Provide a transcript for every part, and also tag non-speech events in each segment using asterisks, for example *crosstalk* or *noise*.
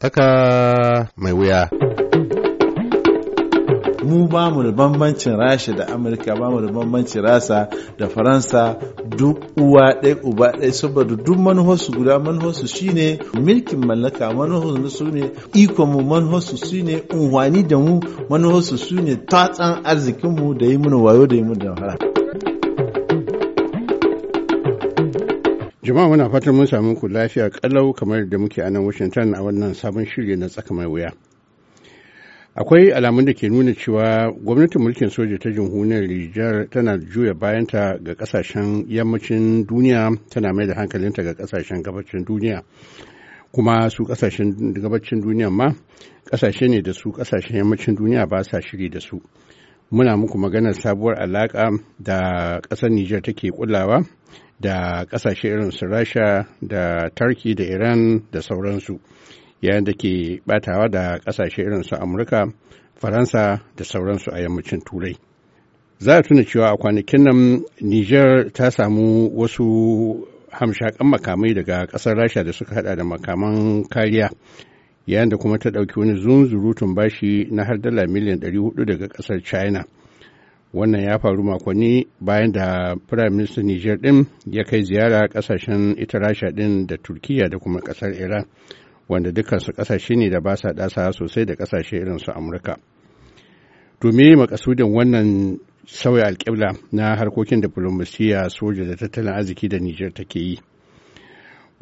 Tsaka mai wuya. Mu ba mu da bambancin Rasha da Amurka ba mu da bambancin Rasa da Faransa duk uwa ɗaya uba ɗaya saboda duk manuhosu guda manuhosu shi ne milkin mallaka manuhosu na su ne ikon mu manuhosu su ne unhwani da mu manuhosu su ne tatsan arzikinmu da yi mana wayo da yi mana da Jama'a muna fatan mun sami ku lafiya kalau kamar da muke a nan Washington a wannan sabon shirye na tsaka mai wuya. Akwai alamun da ke nuna cewa gwamnatin mulkin soja ta jamhuriyar Nijar tana juya bayanta ga kasashen yammacin duniya tana mai da hankalinta ga kasashen gabacin duniya. Kuma su kasashen gabacin duniya ma kasashe ne da su kasashen yammacin duniya ba sa shiri da su. muna muku maganar sabuwar alaƙa da ƙasar Nijar take kulawa da ƙasashe irin su Rasha da Turkey da Iran da sauransu yayin da ke batawa da ƙasashe irin su Amurka, Faransa da sauransu a yammacin Turai. Za a tuna cewa a kwanakin nan Nijar ta samu wasu hamshakan makamai daga ƙasar Rasha da suka hada da makaman kariya yayin da kuma ta ɗauki wani zunzurutun bashi na har dala miliyan 400 daga ƙasar china wannan ya faru makonni bayan da prime minister niger ɗin ya kai ziyara ƙasashen ita rasha ɗin da turkiya da kuma ƙasar iran wanda dukansu ƙasashe ne da ba sa ɗasa sosai da ƙasashe irin su amurka domin makasudin wannan sauya alƙibla na harkokin diflomasiyya soja da tattalin arziki da niger take yi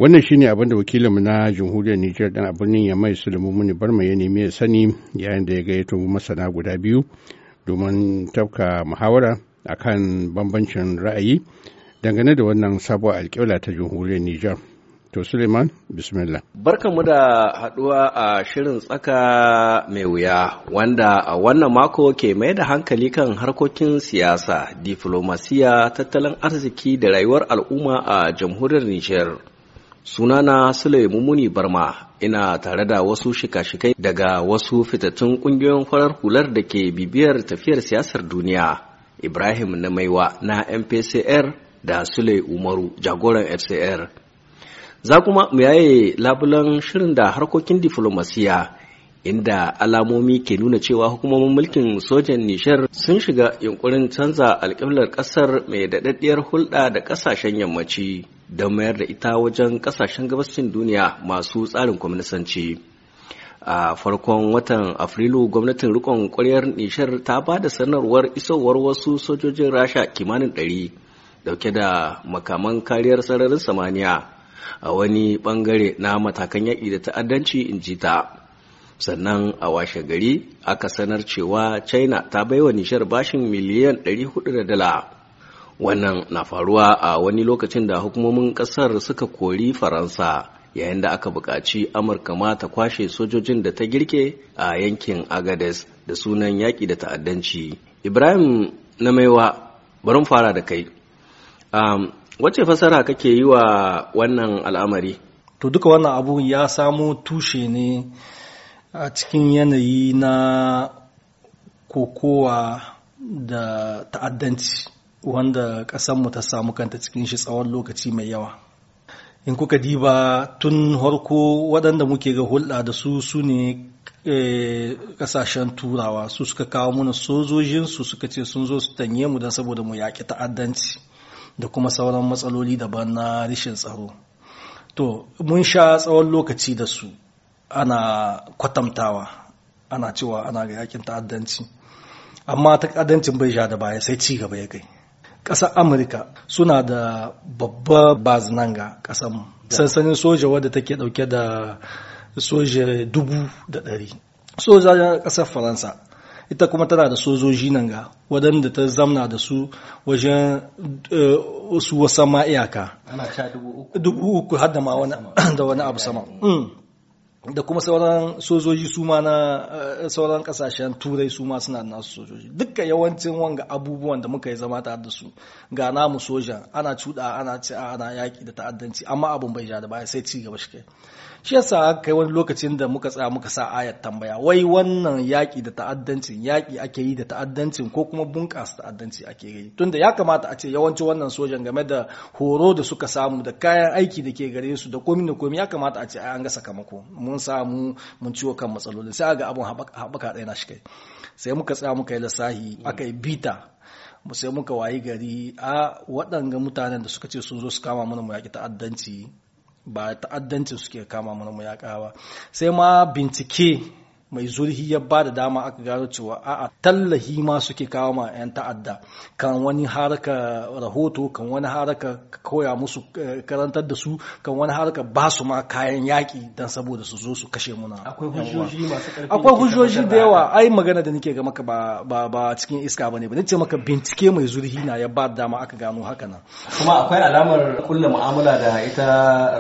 wannan shine abin da wakilinmu na jamhuriyar nijar dan a birnin ya mai sulemu muni barma ya nemi ya sani yayin da ya gayyato masana guda biyu domin tafka muhawara a kan bambancin ra'ayi dangane da wannan sabuwar alƙibla ta jamhuriyar nijar to suleiman bismillah barkanmu da haduwa a shirin tsaka mai wuya wanda a wannan mako ke mai da hankali kan harkokin siyasa diflomasiya tattalin arziki da rayuwar al'umma a jamhuriyar nijar Sunana Sule mummuni Barma ina tare da wasu shika-shikai daga wasu fitattun kungiyoyin farar hular da ke bibiyar tafiyar siyasar duniya. Ibrahim na maiwa na MPCR da Sule Umaru jagoran FCR. Za kuma mu yaye labulan shirin da harkokin diflomasiya inda alamomi ke nuna cewa hukumomin mulkin sojan nishar sun shiga yunkurin canza alƙiblar ƙasar mai daɗaɗɗiyar hulɗa da ƙasashen yammaci. don mayar da ita wajen kasashen gabashin duniya masu tsarin kwamnisanci a farkon watan afrilu gwamnatin rikon kwaryar nishar ta ba da sanarwar isowar wasu sojojin rasha kimanin ɗari dauke da makaman kariyar sararin samaniya a wani bangare na matakan yaƙi da ta'addanci in ji ta sannan a washe gari aka sanar cewa china ta baiwa nishar bashin miliyan 400 da dala wannan na faruwa a wani lokacin da hukumomin ƙasar suka kori faransa yayin da aka buƙaci amurka ma ta kwashe sojojin da ta girke a yankin agades da sunan yaƙi da ta'addanci ibrahim na maiwa barin fara da kai um, wacce fasara kake yi wa wannan al'amari to duka wannan abu ya samo tushe ne a cikin yanayi na kokowa da ta'addanci wanda ƙasanmu ta samu kanta cikin shi tsawon lokaci mai yawa in kuka diba tun harko waɗanda muke ga hulɗa da su su ne eh, ƙasashen turawa su suka kawo mana su suka ce sun zo su tanye mu don saboda mu yaƙi ta'addanci da kuma sauran matsaloli daban na rashin tsaro to mun sha tsawon lokaci da su ana kwatamtawa ana cewa ana ga yakin ta'addanci amma ta'addancin bai sha da baya sai ci gaba ya kai ƙasar amurka suna da babbar bazinan ga ƙasar sansanin soja wadda take ɗauke da soja dubu da ɗari soja ƙasar faransa ita kuma tana da sojoji nan ga waɗanda ta zamna da su wajen eh, ma iyaka dubu uku har da wani abu sama mm. da kuma sauran sojoji su ma na eh, sauran kasashen turai su ma suna nasu sojoji dukkan yawancin wanga abubuwan da muka yi zama tare da su ga namu sojan ana cuda ana ci ana yaki da ta'addanci amma abun bai ja da baya sai ci gaba shi kai shi yasa kai wani lokacin da muka tsaya muka sa ayat tambaya wai wannan yaki da ta'addancin yaki ake yi da ta'addancin ko kuma bunƙasa ta'addanci ake yi tunda ya kamata a ce yawancin wannan sojan game da horo da suka samu da kayan aiki da ke gare su da komi da komi ya kamata a ce an ga sakamako mun samu mun ciwo kan matsalolin sai ga abun haɓaka ɗaya na shi kai sai muka tsaya muka yi lissahi aka yi bita sai muka wayi gari a waɗanga mutanen da suka ce sun zo su kama mana mu yaƙi ta'addanci ba ta'addancin suke kama mana mu ba sai ma bincike mai zurhi ya ba da dama aka gano cewa a'a tallahi ma suke kawo ma 'yan ta'adda kan wani haraka rahoto kan wani haraka koya musu eh, karantar da su kan wani haraka ba su ma kayan yaki don saboda su zo su kashe muna akwai hujjoji da yawa ai magana da nake ga maka ba cikin iska bane ba ce maka bincike mai zurhi na ya ba da dama aka gano haka nan kuma akwai alamar kulla mu'amala da ita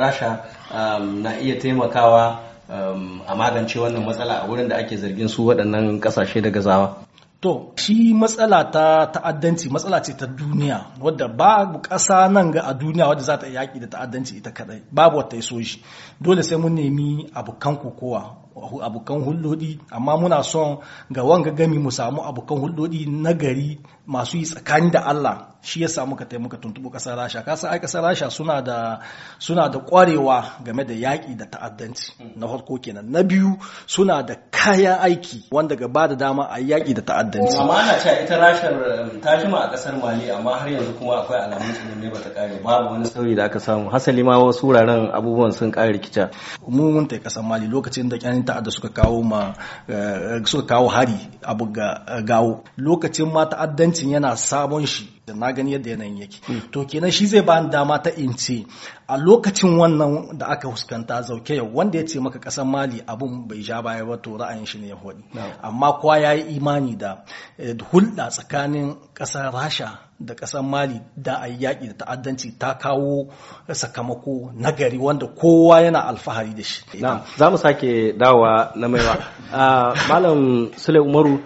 rasha um, na iya taimakawa Um, a magance wannan matsala a wurin da ake zargin su waɗannan ƙasashe da gazawa? To, shi matsala ta ta'addanci matsala ce ta duniya wadda babu ƙasa nan ga a duniya wadda za ta yaƙi da ta'addanci ita kaɗai babu wata ya so shi dole sai mun nemi abokan kokowa abokan hulɗoɗi amma muna son ga wanga gami mu samu abokan hulɗoɗi na gari masu yi tsakani da Allah shi ya samu ka taimaka tuntuɓu ƙasar rasha kasa ai ƙasar rasha suna da suna da ƙwarewa game da yaƙi da ta'addanci mm. na farko kenan na biyu suna da kayan aiki wanda ga ba da dama a yaƙi da ta'addanci. Amma ana cewa ita rashar um, ta jima a ƙasar Mali amma har yanzu kuma akwai alamun tsunami bata kare babu wani sauyi da aka samu. Hasali ma wasu wuraren abubuwan sun ƙara rikica. Mun mun ta ƙasar Mali lokacin da ƴan ta'adda suka kawo ma eh, suka kawo hari abu ga eh, gawo. Lokacin ma ta'addancin yana sabon shi da na gani yadda yanayin yake to kenan shi zai bani dama ta in ce a lokacin wannan da aka huskanta zauke yau wanda ya ce maka kasan mali abun bai ja baya ba to ra'ayin shi ne ya faɗi amma kwa ya yi imani da eh, hulɗa tsakanin ƙasar rasha da ƙasar mali da a yaƙi da ta'addanci ta kawo sakamako nagari wanda kowa yana alfahari da shi za mu sake dawa na maiwa *laughs* ah, malam sule umaru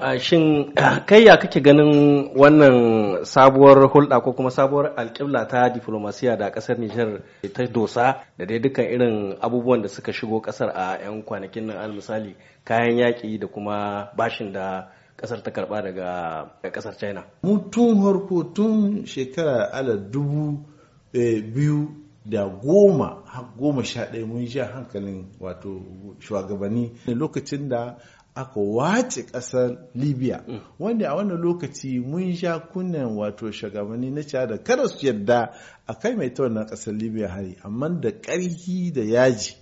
ah, shin kai ya kake ganin wannan sabuwar hulɗa ko kuma sabuwar alƙibla ta diflomasiya da ƙasar nijar ta dosa da dai dukkan irin abubuwan da suka shigo ƙasar a 'yan kwanakin nan al misali kayan yaƙi da kuma bashin da kasar ta karba daga kasar china mu tun harko tun shekara ala dubu eh, biyu da goma goma sha ɗaya mun sha hankalin wato shugabanni lokacin da aka wace ƙasar libya mm. wanda a wannan lokaci mun sha kunnen wato shugabanni na da kada su yadda a kai mai ta wannan ƙasar libya hari amma da ƙarfi da yaji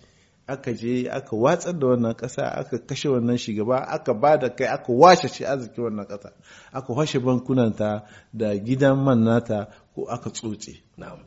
aka je aka watsar da wannan ƙasa aka kashe wannan shugaba aka ba da kai aka washe shi arziki wannan ƙasa aka washe bankunanta da gidan man nata ko aka tsotse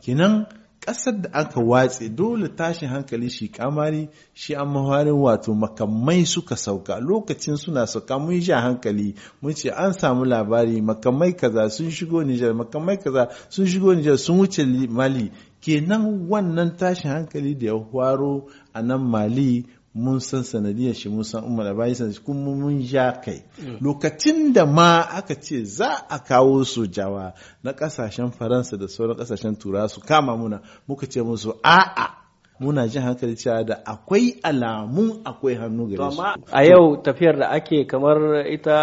kinan ƙasar da aka watse dole tashin hankali shi kamari shi an mawarin wato makamai suka sauka lokacin suna sauka mun sha hankali mun ce an samu labari makamai kaza sun shigo Nijar makamai kaza sun shigo Nijar sun wuce Mali kenan wannan tashin hankali da ya faro a nan mali mun san sanadiyar shi mun san umar bayi shi kuma mun ja kai mm. lokacin da ma aka ce za a kawo sojawa na kasashen faransa da sauran kasashen tura su kama muna muka ce musu a'a muna jin hankali cewa da akwai alamun akwai hannu gare su a yau tafiyar da ake kamar ita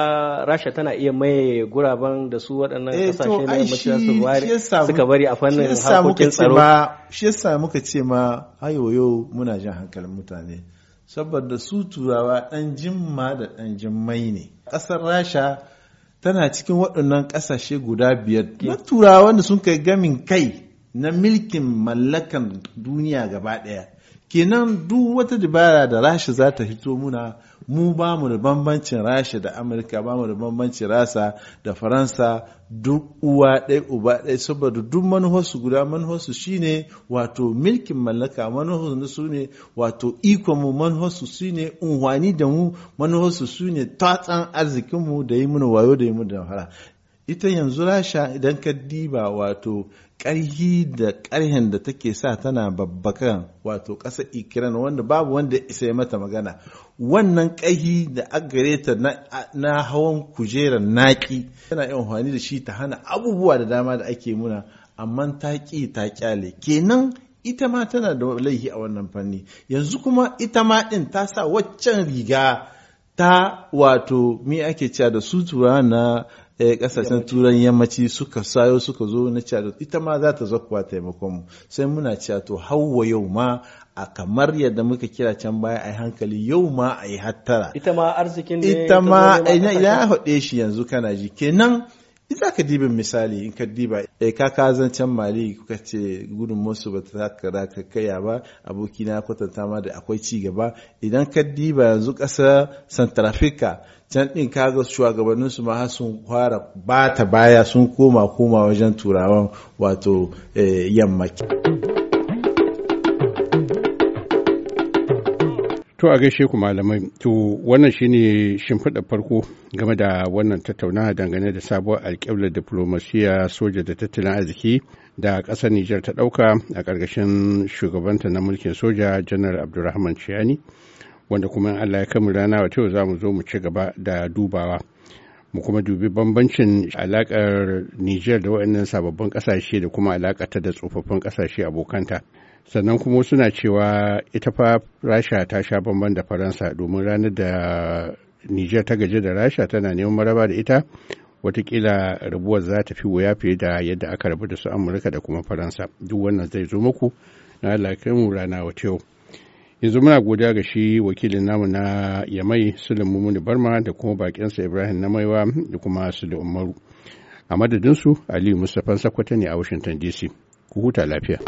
rasha tana iya maye guraben da su waɗannan kasashe eh, na yammacin suka bari a fannin harkokin tsaro shi yasa ce ma muna jin hankalin mutane saboda su turawa ɗan jimma da ɗan jimmai ne ƙasar rasha tana cikin waɗannan ƙasashe guda biyar na turawa wanda sun kai gamin kai na milkin mallakan duniya gaba ɗaya kenan duk wata dabara da rasha za ta hito muna mu ba mu da bambancin rasha da amurka ba mu da bambancin rasa da faransa duk uwa ɗaya uba ɗaya saboda duk manuhosu guda manuwarsu shine wato milkin mallaka na su ne wato ikon mu su ne unhwani da mu manuhosu su ne tatsan arzikin da yi muna wayo da yi muna da ita yanzu rasha idan ka diba wato ƙarhi da ƙarhin da take sa tana babbaka wato ƙasa ikiran wanda babu wanda isa mata magana wannan ƙarhi da agareta na hawan kujerar naƙi tana yin amfani da shi ta hana abubuwa da dama da ake muna amma ta ƙi ta ƙyale kenan ita ma tana da laihi a wannan fanni yanzu kuma ita ma ɗin ta sa waccan riga ta wato "Mi ake cewa da sutura na eh kasashen turan yammaci suka sayo suka zo na cewa ita ma za ta zakuwa taimakon mu sai muna cewa to hawa yau ma a kamar yadda muka kira can baya a hankali yau ma a yi hattara ita ma arzikin ita ma ina ya haɗe shi yanzu kana ji kenan za ka dibin misali in ka diba e ka ka zancen mali kuka ce gudun musu ba ta kara ka kaya ba aboki na kwatanta ma da akwai ci gaba idan ka diba yanzu ƙasa santrafika can ɗin ga shugabannin su ma sun fara ba baya sun koma koma wajen turawan wato eh, yamma. To a gaishe ku malamai, to wannan shine shimfiɗa farko game da wannan tattaunawa dangane da sabuwar alƙiblar diplomasiya soja da tattalin arziki da ƙasar Nijar ta ɗauka a ƙarƙashin shugabanta na mulkin soja janar Abdulrahman Ciyani, wanda kuma Allah ya kammala rana wata yau za mu zo mu ci gaba da dubawa. Mu kuma dubi bambancin alaƙar Nijar da waɗannan sababbin ƙasashe da kuma alaƙata da tsofaffin ƙasashe abokanta. sannan kuma suna cewa ita fa rasha ta sha bamban da faransa domin ranar da niger ta gaji da rasha tana neman maraba da ita watakila rabuwar za ta fi wuya fiye da yadda aka rabu da su amurka da kuma faransa duk wannan zai zo muku na alaƙar rana wa yau yanzu muna godiya ga shi wakilin namu na yamai sulun mumuni barma da kuma bakinsa ibrahim na maiwa da kuma sulun umaru a madadinsu aliyu mustapha sakwata ne a washington dc ku huta lafiya